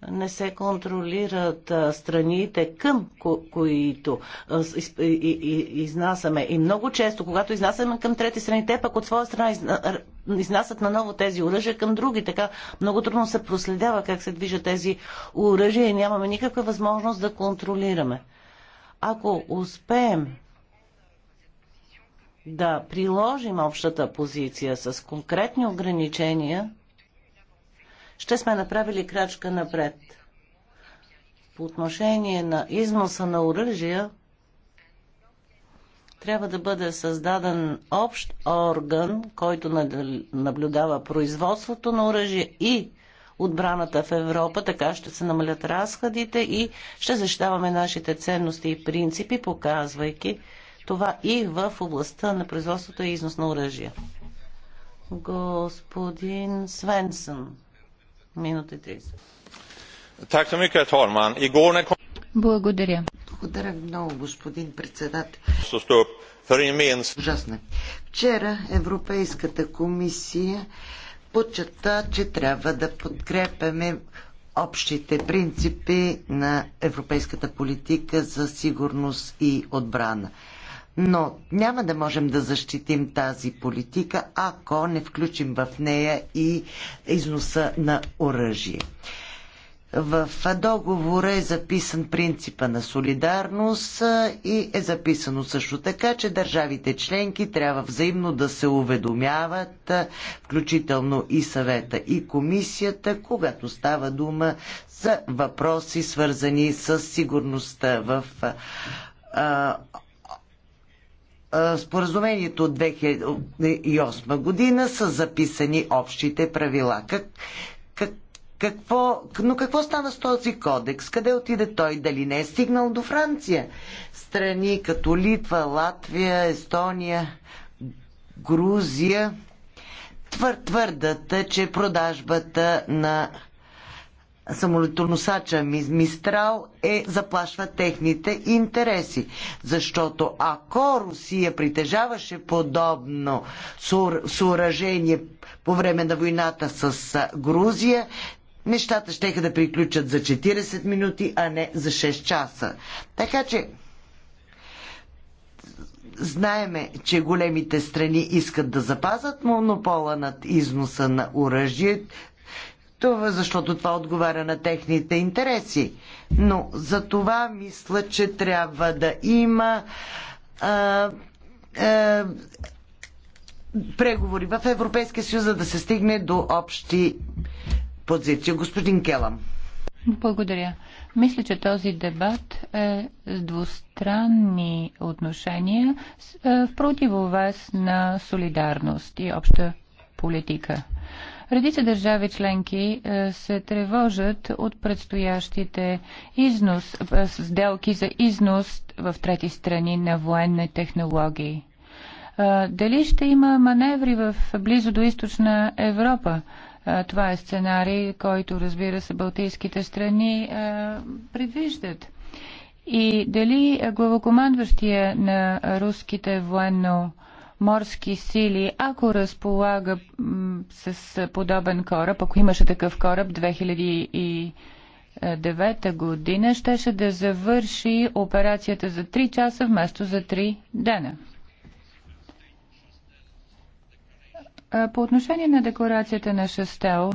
не се контролират страните към ко- които изнасяме. И много често, когато изнасяме към трети страни, те пък от своя страна изнасят наново тези оръжия към други. Така много трудно се проследява как се движат тези оръжия и нямаме никаква възможност да контролираме. Ако успеем да приложим общата позиция с конкретни ограничения, ще сме направили крачка напред. По отношение на износа на оръжия, трябва да бъде създаден общ орган, който наблюдава производството на оръжие и отбраната в Европа, така ще се намалят разходите и ще защитаваме нашите ценности и принципи, показвайки това и в областта на производството и износ на оръжия. Господин Свенсън. Благодаря. Благодаря много, господин председател. Er е. Вчера Европейската комисия подчерта, че трябва да подкрепяме общите принципи на европейската политика за сигурност и отбрана но няма да можем да защитим тази политика, ако не включим в нея и износа на оръжие. В договора е записан принципа на солидарност и е записано също така, че държавите членки трябва взаимно да се уведомяват, включително и съвета и комисията, когато става дума за въпроси свързани с сигурността в споразумението от 2008 година са записани общите правила. Как, как, какво, но какво стана с този кодекс? Къде отиде той? Дали не е стигнал до Франция? Страни като Литва, Латвия, Естония, Грузия твърдата, че продажбата на самолетоносача Мистрал е, заплашва техните интереси. Защото ако Русия притежаваше подобно съоръжение по време на войната с Грузия, нещата ще да приключат за 40 минути, а не за 6 часа. Така че Знаеме, че големите страни искат да запазат монопола над износа на оръжие, това, защото това отговаря на техните интереси. Но за това мисля, че трябва да има а, а, преговори в Европейския съюз, за да се стигне до общи позиции. Господин Келам. Благодаря. Мисля, че този дебат е с двустранни отношения е, в противовес на солидарност и обща политика. Редица държави членки е, се тревожат от предстоящите износ, е, сделки за износ в трети страни на военни технологии. Е, дали ще има маневри в близо до източна Европа? Това е сценарий, който, разбира се, балтийските страни предвиждат. И дали главокомандващия на руските военно морски сили, ако разполага с подобен кораб, ако имаше такъв кораб 2009 година, щеше да завърши операцията за 3 часа вместо за 3 дена. По отношение на декларацията на Шестел,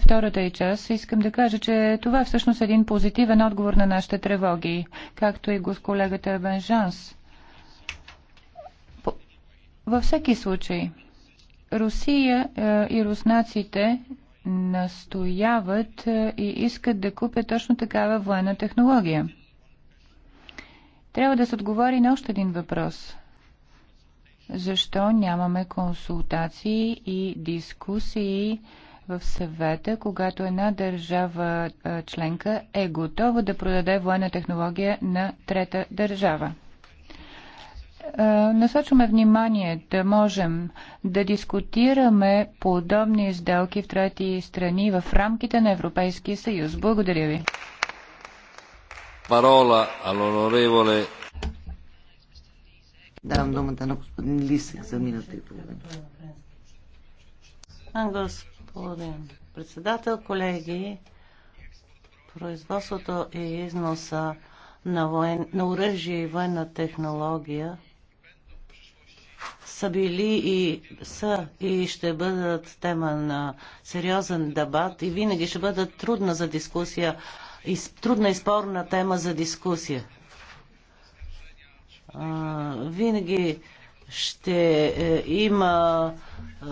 втората и част, искам да кажа, че това е всъщност един позитивен отговор на нашите тревоги, както и го с колегата Бенжанс. Във всеки случай, Русия е, и руснаците настояват е, и искат да купят точно такава военна технология. Трябва да се отговори на още един въпрос. Защо нямаме консултации и дискусии в съвета, когато една държава е, членка е готова да продаде военна технология на трета държава? Е, насочваме внимание да можем да дискутираме подобни сделки в трети страни в рамките на Европейския съюз. Благодаря ви. Парола алонореволе. Давам думата на господин Лисек за минута и половина. Господин председател, колеги, производството и износа на, воен... на оръжие и военна технология – са били и са и ще бъдат тема на сериозен дебат и винаги ще бъдат трудна за дискусия и трудна и спорна тема за дискусия. А, винаги ще е, има е,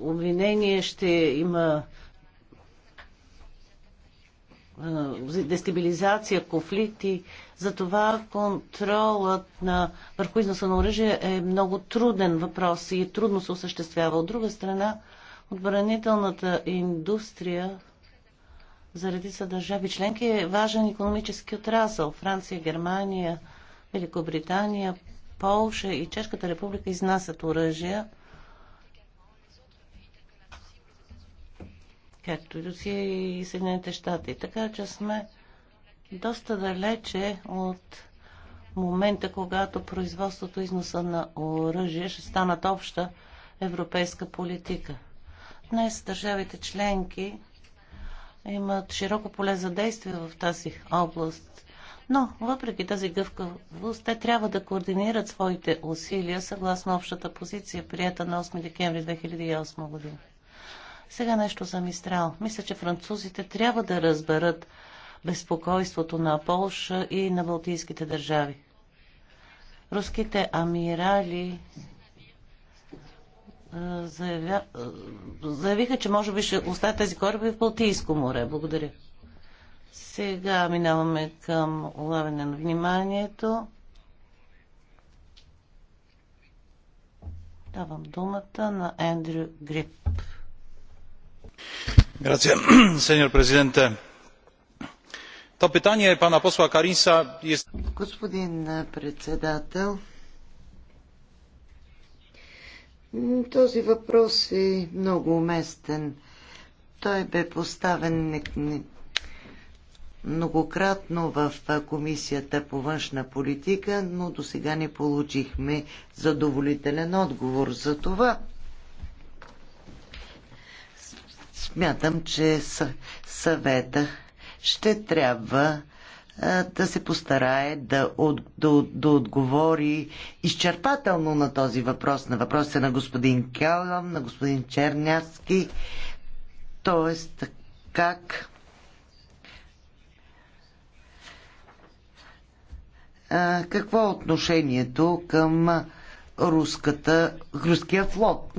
обвинение, ще има е, дестабилизация, конфликти. Затова контролът на върху износа на оръжие е много труден въпрос и трудно се осъществява. От друга страна, отбранителната индустрия заради са държави членки е важен економически отрасъл. Франция, Германия, Великобритания, Полша и Чешката република изнасят оръжия както и Русия и Съединените щати. Така че сме доста далече от момента, когато производството и износа на оръжие ще станат обща европейска политика. Днес държавите членки имат широко поле за действие в тази област. Но, въпреки тази гъвкавост, те трябва да координират своите усилия съгласно общата позиция, прията на 8 декември 2008 година. Сега нещо за Мистрал. Мисля, че французите трябва да разберат безпокойството на Полша и на Балтийските държави. Руските амирали е, заявя... Е, заявиха, че може би ще оставят тези кораби в Балтийско море. Благодаря. Сега минаваме към улавяне на вниманието. Давам думата на Ендрю Грип señor presidente to pytanie pana posła karinsa jest. господин председател този въпрос е много уместен. Той бе поставен многократно в Комисията по външна политика, но до сега не получихме задоволителен отговор. За това Смятам, че съвета ще трябва да се постарае да, от, да, да отговори изчерпателно на този въпрос, на въпроса на господин Келлам, на господин Черняски, т.е. как какво е отношението към руската, руския флот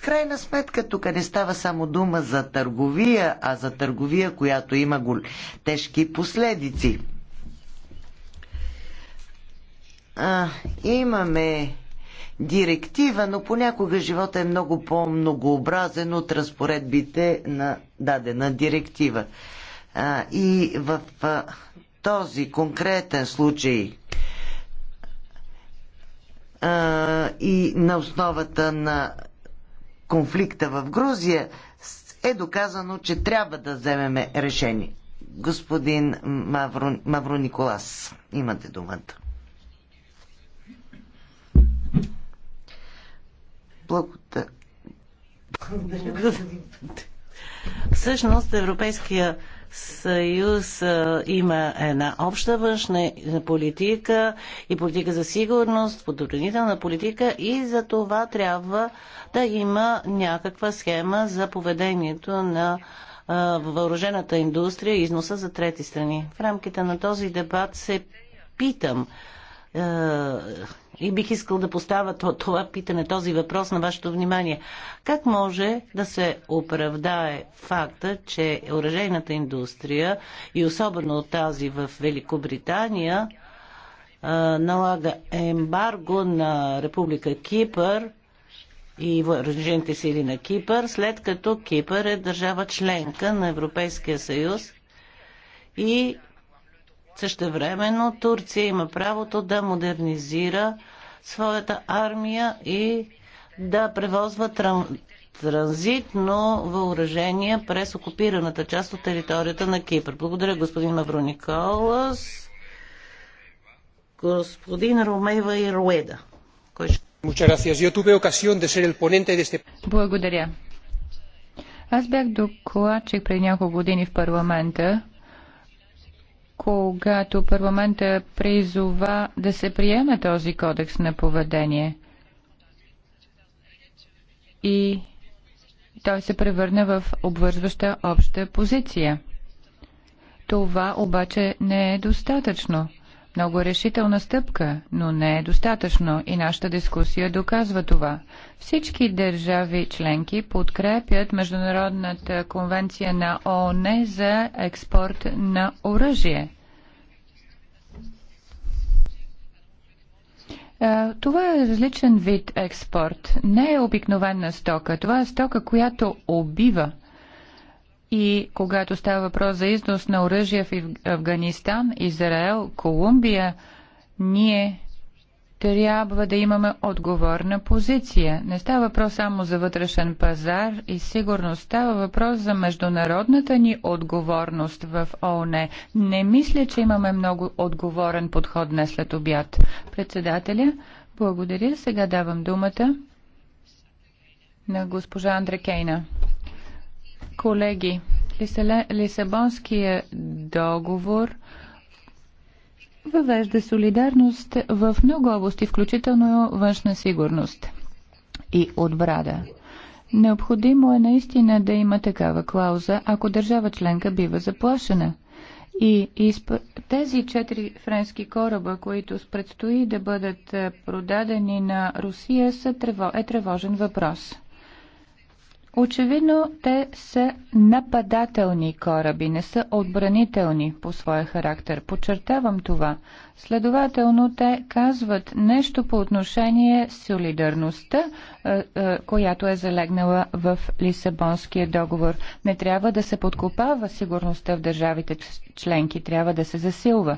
крайна сметка тук не става само дума за търговия, а за търговия, която има гол... тежки последици. А, имаме директива, но понякога живота е много по-многообразен от разпоредбите на дадена директива. А, и в а, този конкретен случай а, и на основата на конфликта в Грузия, е доказано, че трябва да вземеме решение. Господин Мавро, Мавро Николас, имате думата. Благодаря. Всъщност Европейския съюз има една обща външна политика и политика за сигурност, подобрителна политика и за това трябва да има някаква схема за поведението на въоръжената индустрия и износа за трети страни. В рамките на този дебат се питам е, и бих искал да поставя това питане, този въпрос на вашето внимание. Как може да се оправдае факта, че оръжейната индустрия и особено тази в Великобритания е, налага ембарго на Република Кипър и въоръжените сили на Кипър, след като Кипър е държава членка на Европейския съюз и Същевременно Турция има правото да модернизира своята армия и да превозва тран... транзитно въоръжение през окупираната част от територията на Кипър. Благодаря, господин Мавроникалас. Господин Ромева и Руеда. Благодаря. Аз бях докладчик преди няколко години в парламента когато парламента призова да се приеме този кодекс на поведение и той се превърне в обвързваща обща позиция. Това обаче не е достатъчно. Много решителна стъпка, но не е достатъчно и нашата дискусия доказва това. Всички държави членки подкрепят Международната конвенция на ООН за експорт на оръжие. Това е различен вид експорт. Не е обикновена стока. Това е стока, която убива – и когато става въпрос за износ на оръжие в Афганистан, Израел, Колумбия, ние трябва да имаме отговорна позиция. Не става въпрос само за вътрешен пазар и сигурност, става въпрос за международната ни отговорност в ООН. Не мисля, че имаме много отговорен подход днес след обяд. Председателя, благодаря. Сега давам думата на госпожа Андре Кейна. Колеги, Лисабонския договор въвежда солидарност в много области, включително външна сигурност и отбрада. Необходимо е наистина да има такава клауза, ако държава членка бива заплашена. И изп... тези четири френски кораба, които предстои да бъдат е, продадени на Русия, са трево... е тревожен въпрос. Очевидно те са нападателни кораби, не са отбранителни по своя характер. Подчертавам това, Следователно, те казват нещо по отношение солидарността, е, е, която е залегнала в Лисабонския договор. Не трябва да се подкопава сигурността в държавите членки, трябва да се засилва.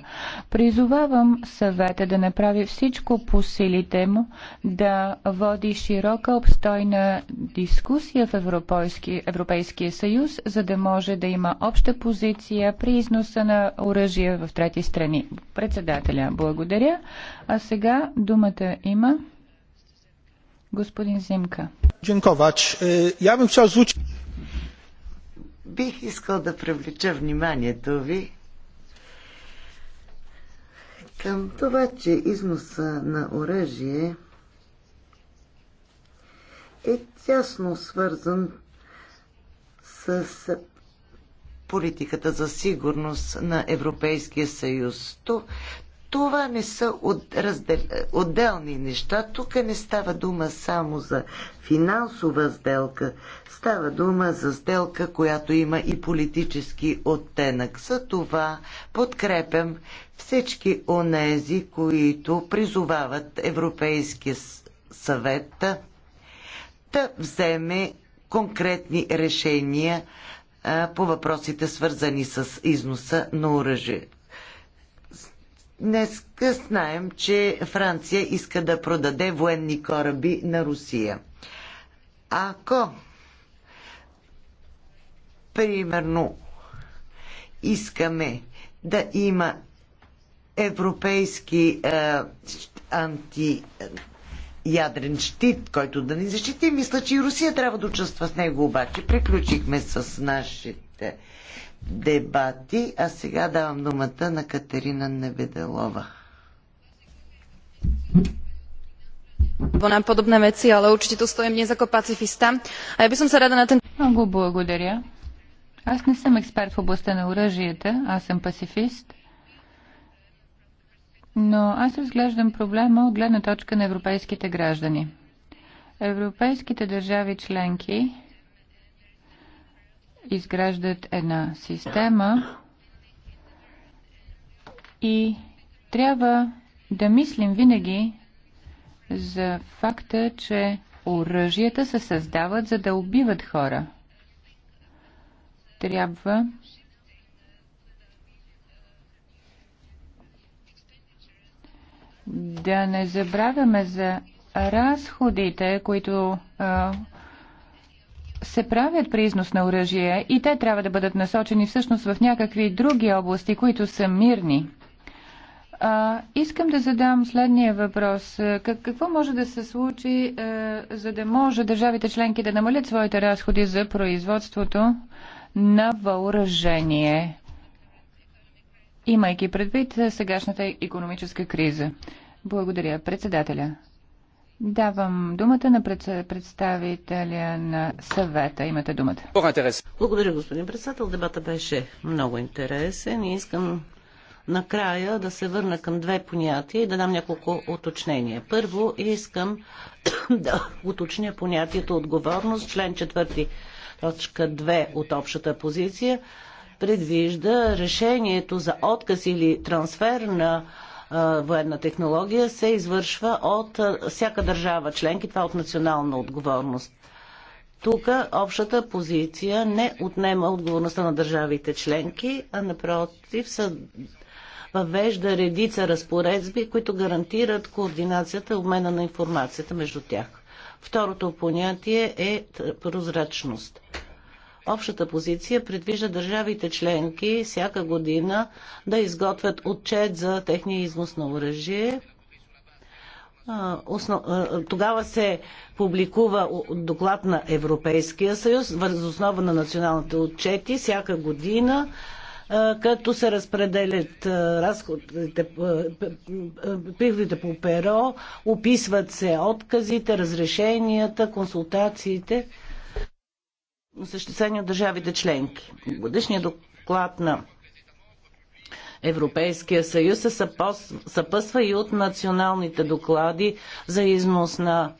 Призовавам съвета да направи всичко по силите му, да води широка обстойна дискусия в Европейски, Европейския съюз, за да може да има обща позиция при износа на оръжия в трети страни. Председател слушателя. благодаря. А сега думата има господин Зимка. Е, я бих хотел звучи... Бих искал да привлеча вниманието ви към това, че износа на оръжие е тясно свързан с политиката за сигурност на Европейския съюз. Това не са от, раздел, отделни неща. Тук не става дума само за финансова сделка. Става дума за сделка, която има и политически оттенък. За това подкрепям всички онези, които призовават Европейския съвет да вземе конкретни решения по въпросите свързани с износа на оръжие. Днес знаем, че Франция иска да продаде военни кораби на Русия. Ако, примерно, искаме да има европейски е, анти ядрен щит, който да ни защити. Мисля, че и Русия трябва да участва в него, обаче. Приключихме с нашите дебати, а сега давам думата на Катерина Небеделова. Nám подобна veci, але určite tu stojím dnes ako пацифиста. А я би съм се рада на ten... Много благодаря. Аз не съм експерт в областта на оръжията, аз съм пацифист. Но аз разглеждам проблема от гледна точка на европейските граждани. Европейските държави членки изграждат една система и трябва да мислим винаги за факта, че оръжията се създават за да убиват хора. Трябва да не забравяме за разходите, които а, се правят при износ на оръжие и те трябва да бъдат насочени всъщност в някакви други области, които са мирни. А, искам да задам следния въпрос. Как, какво може да се случи, е, за да може държавите членки да намалят своите разходи за производството на въоръжение, имайки предвид сегашната економическа криза? Благодаря, председателя. Давам думата на представителя на съвета. Имате думата. Благодаря, господин председател. Дебата беше много интересен и искам накрая да се върна към две понятия и да дам няколко уточнения. Първо искам да уточня понятието отговорност, член 4, точка 2 от общата позиция предвижда решението за отказ или трансфер на военна технология се извършва от всяка държава членки. Това е от национална отговорност. Тук общата позиция не отнема отговорността на държавите членки, а напротив са въвежда редица разпоредби, които гарантират координацията и обмена на информацията между тях. Второто понятие е прозрачност. Общата позиция предвижда държавите членки всяка година да изготвят отчет за техния износ на оръжие. Тогава се публикува доклад на Европейския съюз въз основа на националните отчети всяка година като се разпределят разходите, приходите по перо, описват се отказите, разрешенията, консултациите осъществени от държавите членки. Годишният доклад на Европейския съюз се съпъсва и от националните доклади за износ на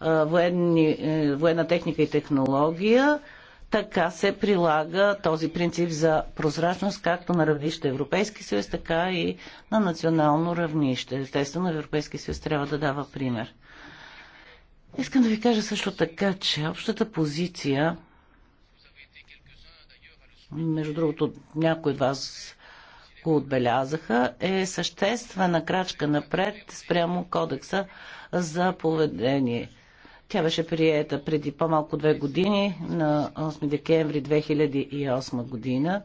военни, е, военна техника и технология. Така се прилага този принцип за прозрачност както на равнище Европейски съюз, така и на национално равнище. Естествено, Европейски съюз трябва да дава пример. Искам да ви кажа също така, че общата позиция между другото някои от вас го отбелязаха, е съществена крачка напред спрямо кодекса за поведение. Тя беше приета преди по-малко две години, на 8 декември 2008 година.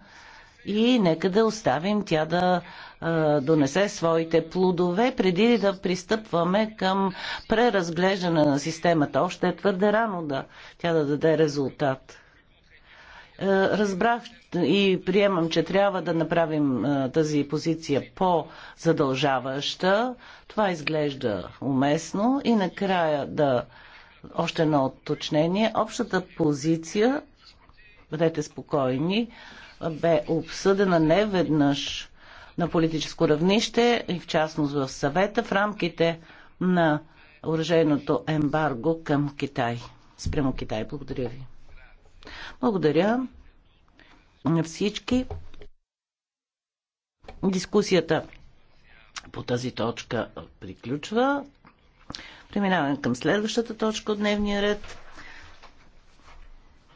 И нека да оставим тя да а, донесе своите плодове, преди да пристъпваме към преразглеждане на системата. Още е твърде рано да тя да даде резултат. Е, разбрах и приемам, че трябва да направим е, тази позиция по-задължаваща. Това изглежда уместно. И накрая да още едно отточнение. Общата позиция, бъдете спокойни, бе обсъдена не веднъж на политическо равнище и в частност в съвета в рамките на оръжейното ембарго към Китай. Спрямо Китай. Благодаря ви. Благодаря на всички. Дискусията по тази точка приключва. Преминаваме към следващата точка от дневния ред.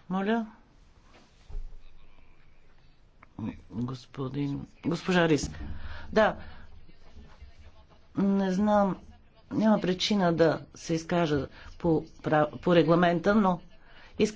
Моля. Господин... Госпожа Рис. Да. Не знам. Няма причина да се изкажа по, по регламента, но